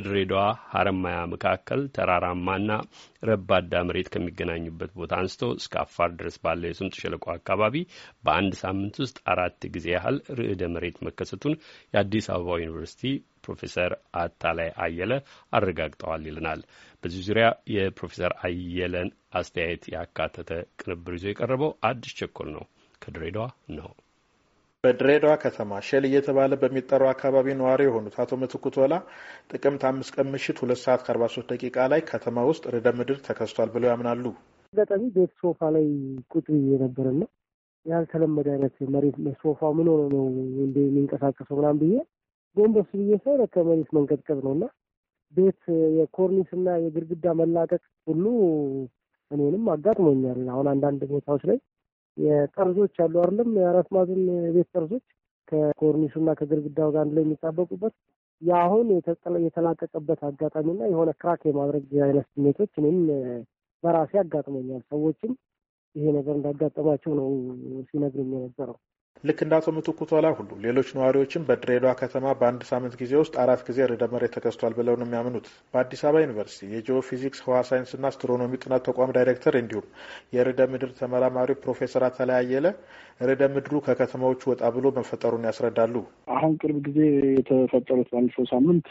በድሬዳዋ ሀረማያ መካከል ተራራማና ረባዳ መሬት ከሚገናኙበት ቦታ አንስቶ እስከ አፋር ድረስ ባለው የስምጥ ሸለቆ አካባቢ በአንድ ሳምንት ውስጥ አራት ጊዜ ያህል ርዕደ መሬት መከሰቱን የአዲስ አበባ ዩኒቨርሲቲ ፕሮፌሰር አታላይ አየለ አረጋግጠዋል ይለናል። በዚህ ዙሪያ የፕሮፌሰር አየለን አስተያየት ያካተተ ቅንብር ይዞ የቀረበው አዲስ ቸኮል ነው። ከድሬዳዋ ነው። በድሬዳዋ ከተማ ሸል እየተባለ በሚጠራው አካባቢ ነዋሪ የሆኑት አቶ ምትኩ ቶላ ጥቅምት አምስት ቀን ምሽት ሁለት ሰዓት ከአርባ ሶስት ደቂቃ ላይ ከተማ ውስጥ ርዕደ ምድር ተከስቷል ብለው ያምናሉ። አጋጣሚ ቤት ሶፋ ላይ ቁጭ የነበረና ያልተለመደ አይነት መሬት ሶፋ ምን ሆነ ነው እንደ የሚንቀሳቀሰው ምናምን ብዬ ጎንበስ ብዬ ሰው ለከ መሬት መንቀጥቀጥ ነው እና ቤት የኮርኒስ እና የግድግዳ መላቀቅ ሁሉ እኔንም አጋጥሞኛል። አሁን አንዳንድ ቦታዎች ላይ የጠርዞች አሉ አይደለም የአራት ማዕዘን የቤት ጠርዞች ከኮርኒሱና ከግድግዳው ጋር አንድ ላይ የሚጣበቁበት የአሁን የተላቀቀበት አጋጣሚና የሆነ ክራክ የማድረግ አይነት ስሜቶች እኔም በራሴ አጋጥሞኛል። ሰዎችም ይሄ ነገር እንዳጋጠማቸው ነው ሲነግርም የነበረው። ልክ እንደ አቶ ምትኩ ቶላ ሁሉ ሌሎች ነዋሪዎችም በድሬዳዋ ከተማ በአንድ ሳምንት ጊዜ ውስጥ አራት ጊዜ ርዕደ መሬት ተከስቷል ብለው ነው የሚያምኑት። በአዲስ አበባ ዩኒቨርሲቲ የጂኦ ፊዚክስ ህዋ ሳይንስና አስትሮኖሚ ጥናት ተቋም ዳይሬክተር እንዲሁም የርዕደ ምድር ተመራማሪ ፕሮፌሰር አተላይ አየለ ርዕደ ምድሩ ከከተማዎቹ ወጣ ብሎ መፈጠሩን ያስረዳሉ። አሁን ቅርብ ጊዜ የተፈጠሩት ባለፈው ሳምንት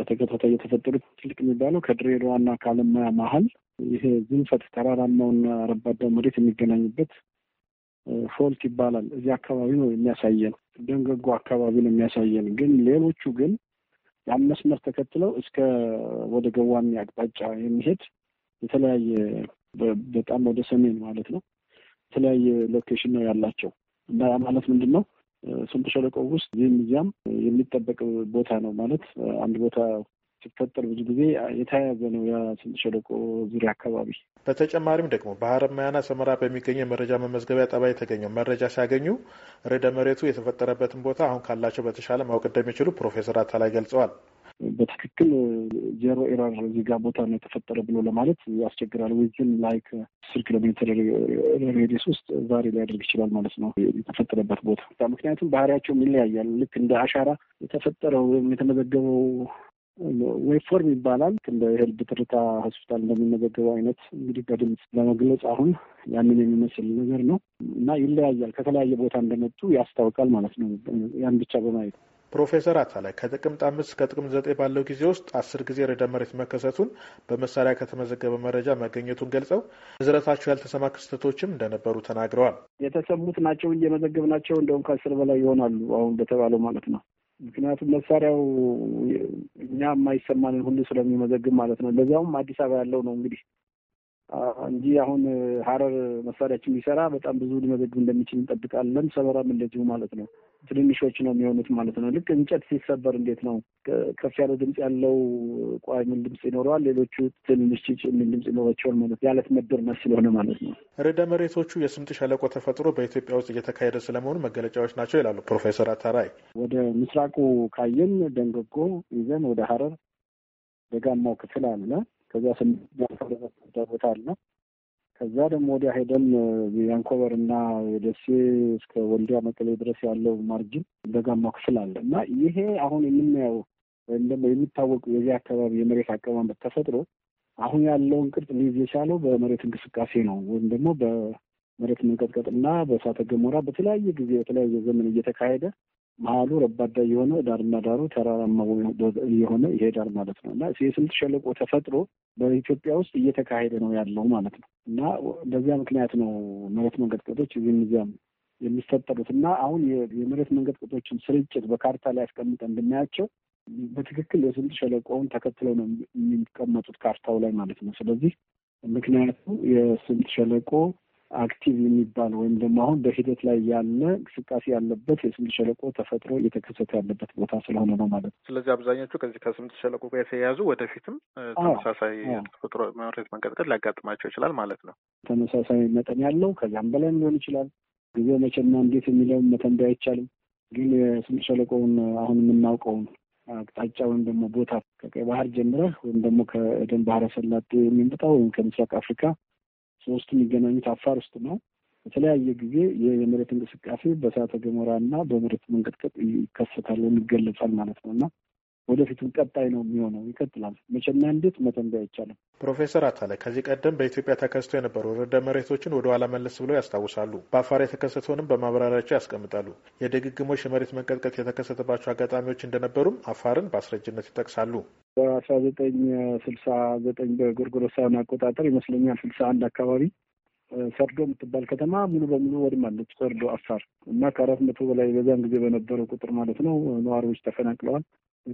በተከታታይ የተፈጠሩት ትልቅ የሚባለው ከድሬዳዋና ከአለማያ መሀል ይሄ ዝንፈት ተራራማውና ረባዳ መሬት የሚገናኝበት ፎልት ይባላል። እዚህ አካባቢ ነው የሚያሳየን፣ ደንገጎ አካባቢ ነው የሚያሳየን። ግን ሌሎቹ ግን ያን መስመር ተከትለው እስከ ወደ ገዋሚ አቅጣጫ የሚሄድ የተለያየ በጣም ወደ ሰሜን ማለት ነው የተለያየ ሎኬሽን ነው ያላቸው እና ያ ማለት ምንድን ነው ስምጥ ሸለቆ ውስጥ ይህም እዚያም የሚጠበቅ ቦታ ነው ማለት አንድ ቦታ ሲፈጠር ብዙ ጊዜ የተያያዘ ነው የስምጥ ሸለቆ ዙሪያ አካባቢ። በተጨማሪም ደግሞ በሀረማያና ሰመራ በሚገኘው የመረጃ መመዝገቢያ ጠባይ የተገኘው መረጃ ሲያገኙ ርዕደ መሬቱ የተፈጠረበትን ቦታ አሁን ካላቸው በተሻለ ማወቅ እንደሚችሉ ፕሮፌሰር አታላይ ገልጸዋል። በትክክል ዜሮ ኤራር ዜጋ ቦታ ነው የተፈጠረ ብሎ ለማለት ያስቸግራል። ወይዝን ላይክ አስር ኪሎ ሜትር ሬዲየስ ውስጥ ዛሬ ሊያደርግ ይችላል ማለት ነው የተፈጠረበት ቦታ። ምክንያቱም ባህሪያቸውም ይለያያል። ልክ እንደ አሻራ የተፈጠረው ወይም የተመዘገበው ዌብ ፎርም ይባላል። እንደ የልብ ትርታ ሆስፒታል እንደሚመዘገበው አይነት እንግዲህ በድምፅ ለመግለጽ አሁን ያንን የሚመስል ነገር ነው እና ይለያያል። ከተለያየ ቦታ እንደመጡ ያስታውቃል ማለት ነው ያን ብቻ በማየት ፕሮፌሰር አታላይ ከጥቅምት አምስት እስከ ጥቅምት ዘጠኝ ባለው ጊዜ ውስጥ አስር ጊዜ ርዕደ መሬት መከሰቱን በመሳሪያ ከተመዘገበ መረጃ መገኘቱን ገልጸው ንዝረታቸው ያልተሰማ ክስተቶችም እንደነበሩ ተናግረዋል። የተሰሙት ናቸው እየመዘገብ ናቸው። እንደውም ከአስር በላይ ይሆናሉ አሁን በተባለው ማለት ነው። ምክንያቱም መሳሪያው እኛ የማይሰማንን ሁሉ ስለሚመዘግብ ማለት ነው። ለዚያውም አዲስ አበባ ያለው ነው እንግዲህ እንጂ አሁን ሀረር መሳሪያችን ቢሰራ በጣም ብዙ ሊመዘግብ እንደሚችል እንጠብቃለን። ሰበራም እንደዚሁ ማለት ነው። ትንንሾች ነው የሚሆኑት ማለት ነው። ልክ እንጨት ሲሰበር እንዴት ነው ከፍ ያለ ድምፅ ያለው ቋይ ምን ድምፅ ይኖረዋል፣ ሌሎቹ ትንንሽ ጭጭ የሚል ድምፅ ይኖራቸዋል ማለት ያለት መደርመስ ስለሆነ ማለት ነው። ርዕደ መሬቶቹ የስምጥ ሸለቆ ተፈጥሮ በኢትዮጵያ ውስጥ እየተካሄደ ስለመሆኑ መገለጫዎች ናቸው ይላሉ ፕሮፌሰር አታራይ። ወደ ምስራቁ ካየን ደንገጎ ይዘን ወደ ሀረር ደጋማው ክፍል አለ ከዛ ስንዳ ቦታ አለ። ከዛ ደግሞ ወዲያ ሄደን የአንኮበር እና የደሴ እስከ ወልዲያ መቀሌ ድረስ ያለው ማርጅን ደጋማው ክፍል አለ እና ይሄ አሁን የምናየው ወይም ደግሞ የሚታወቅ የዚህ አካባቢ የመሬት አቀማመጥ ተፈጥሮ አሁን ያለውን ቅርጽ ሊይዝ የቻለው በመሬት እንቅስቃሴ ነው ወይም ደግሞ በመሬት መንቀጥቀጥና በእሳተ ገሞራ በተለያየ ጊዜ በተለያየ ዘመን እየተካሄደ መሀሉ ረባዳ የሆነ ዳርና ዳሩ ተራራማ የሆነ ይሄዳል ማለት ነው እና የስምጥ ሸለቆ ተፈጥሮ በኢትዮጵያ ውስጥ እየተካሄደ ነው ያለው ማለት ነው እና በዚያ ምክንያት ነው መሬት መንቀጥቀጦች እዚህም እዚያም የሚፈጠሩት እና አሁን የመሬት መንቀጥቀጦችን ስርጭት በካርታ ላይ አስቀምጠን ብናያቸው በትክክል የስምጥ ሸለቆውን ተከትለው ነው የሚቀመጡት ካርታው ላይ ማለት ነው። ስለዚህ ምክንያቱ የስምጥ ሸለቆ አክቲቭ የሚባል ወይም ደግሞ አሁን በሂደት ላይ ያለ እንቅስቃሴ ያለበት የስምጥ ሸለቆ ተፈጥሮ እየተከሰተ ያለበት ቦታ ስለሆነ ነው ማለት ነው። ስለዚህ አብዛኞቹ ከዚህ ከስምጥ ሸለቆ ጋር የተያያዙ ወደፊትም ተመሳሳይ ተፈጥሮ መሬት መንቀጥቀጥ ሊያጋጥማቸው ይችላል ማለት ነው። ተመሳሳይ መጠን ያለው ከዚያም በላይ ሊሆን ይችላል። ጊዜ መቼና እንዴት የሚለውን መተንበይ አይቻልም። ግን የስምጥ ሸለቆውን አሁን የምናውቀውን አቅጣጫ ወይም ደግሞ ቦታ ከቀይ ባህር ጀምረህ ወይም ደግሞ ከኤደን ባህረ ሰላጤ ወይም ከምስራቅ አፍሪካ ሶስቱ የሚገናኙት አፋር ውስጥ ነው። በተለያየ ጊዜ የመሬት እንቅስቃሴ በእሳተ ገሞራ እና በመሬት መንቀጥቀጥ ይከሰታል ወይም ይገለጻል ማለት ነው እና ወደፊቱም ቀጣይ ነው የሚሆነው፣ ይቀጥላል። መቼና እንዴት መተንበይ አይቻልም። ፕሮፌሰር አታለ ከዚህ ቀደም በኢትዮጵያ ተከስቶ የነበሩ ርዕደ መሬቶችን ወደ ኋላ መለስ ብለው ያስታውሳሉ። በአፋር የተከሰተውንም በማብራሪያቸው ያስቀምጣሉ። የድግግሞሽ የመሬት መንቀጥቀጥ የተከሰተባቸው አጋጣሚዎች እንደነበሩም አፋርን በአስረጅነት ይጠቅሳሉ። በአስራ ዘጠኝ ስልሳ ዘጠኝ በጎርጎሮሳውያን አቆጣጠር ይመስለኛል ስልሳ አንድ አካባቢ ሰርዶ የምትባል ከተማ ሙሉ በሙሉ ወድማለች። ሰርዶ አፋር እና ከአራት መቶ በላይ በዛን ጊዜ በነበረው ቁጥር ማለት ነው ነዋሪዎች ተፈናቅለዋል።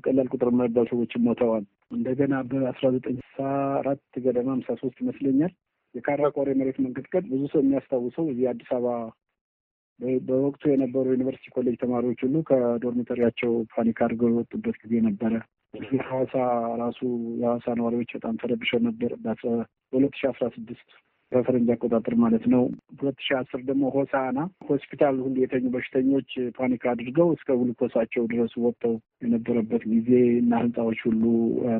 ቀላል ቁጥር የማይባል ሰዎች ሞተዋል። እንደገና በአስራ ዘጠኝ ሳ አራት ገደማ ሀምሳ ሶስት ይመስለኛል የካራ ቆሬ መሬት መንቀጥቀጥ ብዙ ሰው የሚያስታውሰው እዚህ አዲስ አበባ በወቅቱ የነበሩ ዩኒቨርሲቲ ኮሌጅ ተማሪዎች ሁሉ ከዶርሚተሪያቸው ፓኒክ አድርገው የወጡበት ጊዜ ነበረ። ሐዋሳ ራሱ የሐዋሳ ነዋሪዎች በጣም ተረብሸው ነበር በሁለት ሺ አስራ ስድስት በፈረንጅ አቆጣጠር ማለት ነው። ሁለት ሺ አስር ደግሞ ሆሳና ሆስፒታል ሁሉ የተኙ በሽተኞች ፓኒክ አድርገው እስከ ግሉኮሳቸው ድረስ ወጥተው የነበረበት ጊዜ እና ህንፃዎች ሁሉ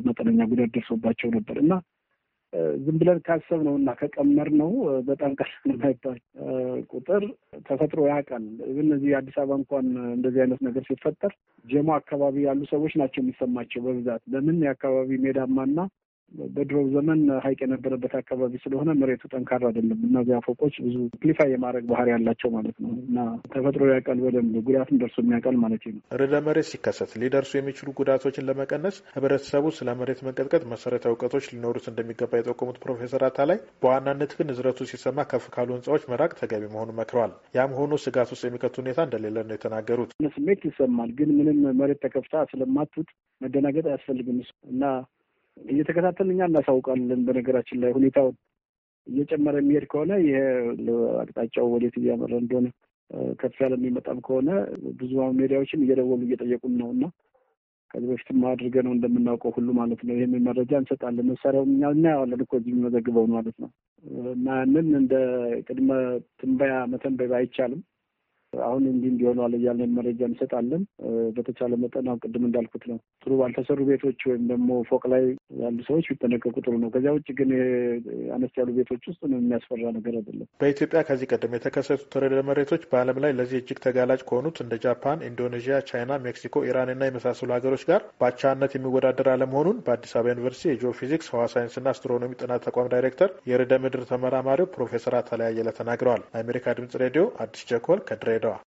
መጠነኛ ጉዳት ደርሶባቸው ነበር እና ዝም ብለን ካሰብ ነው እና ከቀመር ነው በጣም ቀላል የማይባል ቁጥር ተፈጥሮ ያውቃል። እነዚህ አዲስ አበባ እንኳን እንደዚህ አይነት ነገር ሲፈጠር ጀሞ አካባቢ ያሉ ሰዎች ናቸው የሚሰማቸው በብዛት ለምን የአካባቢ ሜዳማና በድሮው ዘመን ሀይቅ የነበረበት አካባቢ ስለሆነ መሬቱ ጠንካራ አይደለም እነዚያ ፎቆች ብዙ ክሊፋይ የማድረግ ባህሪ ያላቸው ማለት ነው እና ተፈጥሮ ያውቃል በደንብ ጉዳትም ደርሶ የሚያውቃል ማለት ነው። ርዕደ መሬት ሲከሰት ሊደርሱ የሚችሉ ጉዳቶችን ለመቀነስ ህብረተሰቡ ስለ መሬት መንቀጥቀጥ መሰረታዊ እውቀቶች ሊኖሩት እንደሚገባ የጠቆሙት ፕሮፌሰር አታላይ በዋናነት ግን ንዝረቱ ሲሰማ ከፍ ካሉ ህንፃዎች መራቅ ተገቢ መሆኑ መክረዋል። ያም ሆኖ ስጋት ውስጥ የሚከቱ ሁኔታ እንደሌለ ነው የተናገሩት። ስሜት ይሰማል፣ ግን ምንም መሬት ተከፍታ ስለማቱት መደናገጥ አያስፈልግም እና እየተከታተልን እኛ እናሳውቃለን። በነገራችን ላይ ሁኔታውን እየጨመረ የሚሄድ ከሆነ ይሄ አቅጣጫው ወዴት እያመረ እንደሆነ ከፍ ያለ የሚመጣም ከሆነ ብዙ ሜዲያዎችም እየደወሉ እየጠየቁን ነው እና ከዚህ በፊትም አድርገ ነው እንደምናውቀው ሁሉ ማለት ነው። ይህንን መረጃ እንሰጣለን። መሳሪያው እኛ እናየዋለን እኮ እዚህ የሚመዘግበው ማለት ነው። እና ያንን እንደ ቅድመ ትንበያ መተንበይ አይቻልም። አሁን እንዲህ አለ እያልን መረጃ እንሰጣለን። በተቻለ መጠን አሁን ቅድም እንዳልኩት ነው ጥሩ ባልተሰሩ ቤቶች ወይም ደግሞ ፎቅ ላይ ያሉ ሰዎች ቢጠነቀቁ ጥሩ ነው። ከዚያ ውጭ ግን አነስ ያሉ ቤቶች ውስጥ የሚያስፈራ ነገር አይደለም። በኢትዮጵያ ከዚህ ቀደም የተከሰቱ ተረደ መሬቶች በዓለም ላይ ለዚህ እጅግ ተጋላጭ ከሆኑት እንደ ጃፓን፣ ኢንዶኔዥያ፣ ቻይና፣ ሜክሲኮ፣ ኢራን እና የመሳሰሉ ሀገሮች ጋር በአቻነት የሚወዳደር አለመሆኑን በአዲስ አበባ ዩኒቨርሲቲ የጂኦ ፊዚክስ ህዋ ሳይንስና አስትሮኖሚ ጥናት ተቋም ዳይሬክተር የርዕደ ምድር ተመራማሪው ፕሮፌሰር አታላይ አየለ ተናግረዋል። ለአሜሪካ ድምጽ ሬዲዮ አዲስ ጀኮል ከድሬ radar